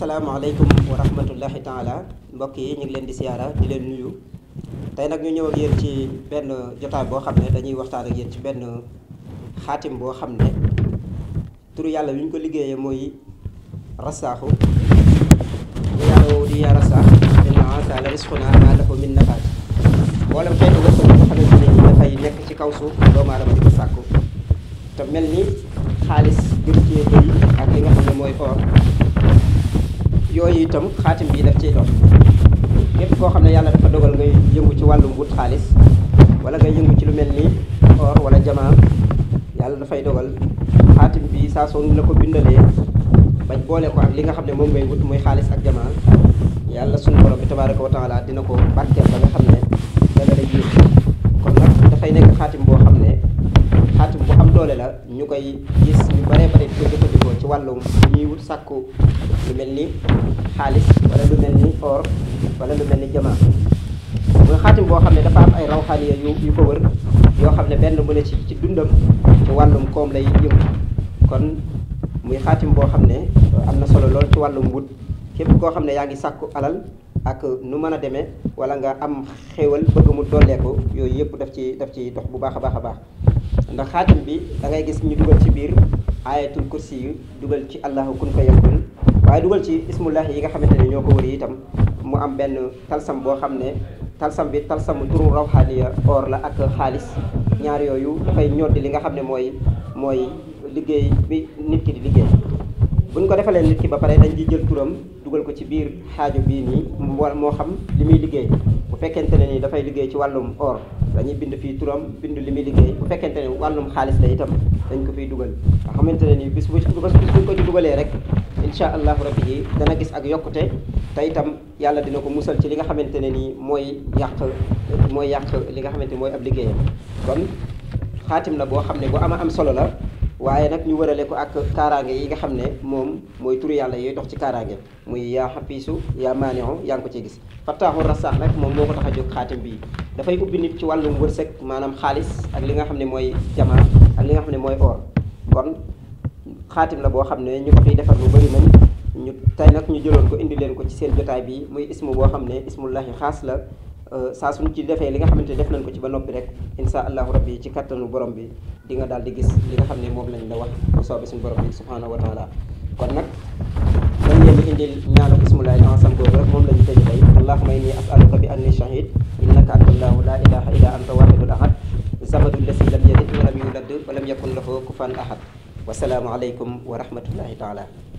asalaamaaleykum wa rahmatullahi taala mbokk yi ñu ngi leen di siyaara di leen nuyu tey nag ñu ñëw yéen ci benn jotaay boo xam ne dañuy waxtaan ak yéen ci benn xaatim boo xam ne turu yàlla yu ñu ko liggéeyee mooy rasaaxu bu yàlla woowu di yaa rasaax inna ansala risquna ma lahu min nabaat mboolem xeetu wërsëg boo xamante ni dafay nekk ci kaw suuf doomu aadama di te mel ni xaalis jur ci yooyu itam xaatim bi daf ciy dox képp koo xam ne yàlla dafa dogal ngay yëngu ci wàllum wut xaalis wala ngay yëngu ci lu mel ni or wala jamaa yàlla dafay dogal xaatim bi saa soo la ko bindalee bañ boole ko ak li nga xam ne moom ngay wut muy xaalis ak jamaa yàlla sunu borom bi tabaaraka wa dina ko barkeel ba nga xam ne koy gis ñu bare bare di ko ci wàllum ñuy wut sàkku lu mel ni xaalis wala lu mel ni or wala lu mel ni jamaa muy xaatim boo xam ne dafa am ay rawxaaniya yu yu ko wër yoo xam ne benn bu ne ci ci dundam ci wàllum koom lay yëngu kon muy xaatim boo xam ne am na solo lool ci wàllum wut képp koo xam ne yaa ngi sàkku alal ak nu mën a demee wala nga am xéewal bëgg mu dolleeku yooyu yëpp daf ci daf ci dox bu baax a baax a baax ndax xaatim bi da ngay gis ñu dugal ci biir ayatul kursi yu dugal ci allahu kun fa yakun waaye dugal ci ismullahi yi nga xamante ne ñoo ko wër itam mu am benn talsam boo xam ne talsam bi talsamu turu rawxaaniya or la ak xaalis ñaar yooyu dafay ñoddi li nga xam ne mooy mooy liggéey bi nit ki di liggéey buñ ko defalee nit ki ba pare dañ di jël turam dugal ko ci biir xaajo bii nii moo xam li muy liggéey bu fekkente ne ni dafay liggéey ci wàllum or dañuy bind fii turam bind li muy liggéey bu fekkente ne wàllum xaalis la itam dañ ko fiy dugal nga xamante ne ni bis bu bis buñ ko ci dugalee rek incha allahu rabbi yi dana gis ak yokkute te itam yàlla dina ko musal ci li nga xamante ne nii mooy yàq mooy yàq li nga xamante ni mooy ab liggéeyam kon xaatim la boo xam ne bu ama am solo la waaye nag ñu wërale ko ak kaaraange yi nga xam ne moom mooy turu yàlla yooyu dox ci kaaraange muy yaa xapiisu yaa maanihu yaa ngi ko ci gis fattaaxu rassaax nag moom moo ko tax a jóg xaatim bii dafay ubbi nit ci wàllum wërsëg maanaam xaalis ak li nga xam ne mooy jamaa ak li nga ne mooy or kon xaatim la boo xam ne ñu ko fiy defar lu bëri nañ ñu tey nag ñu jëloon ko indi leen ko ci seen jotaay bi muy ismu boo xam ne ismullahi xaas la saa suñu ci defee li nga xamante ne def nañ ko ci ba noppi rek insha allahu rabbi ci kattanu borom bi di nga daal di gis li nga xam ne moom lañ la wax bu soobee suñu borom bi subhanahu wa taala kon nag dañ leen di indil ñaanu bismillahi ensemble boobu rek moom lañu tëj tey allahumma inni as'aluka bi anni shahid innaka anta allahu la ilaha illa anta wahidul ahad samadul lasi lam yalid wa lam yulad wa lam yakun lahu kufan ahad wasalaamu aleykum wa rahmatullahi taala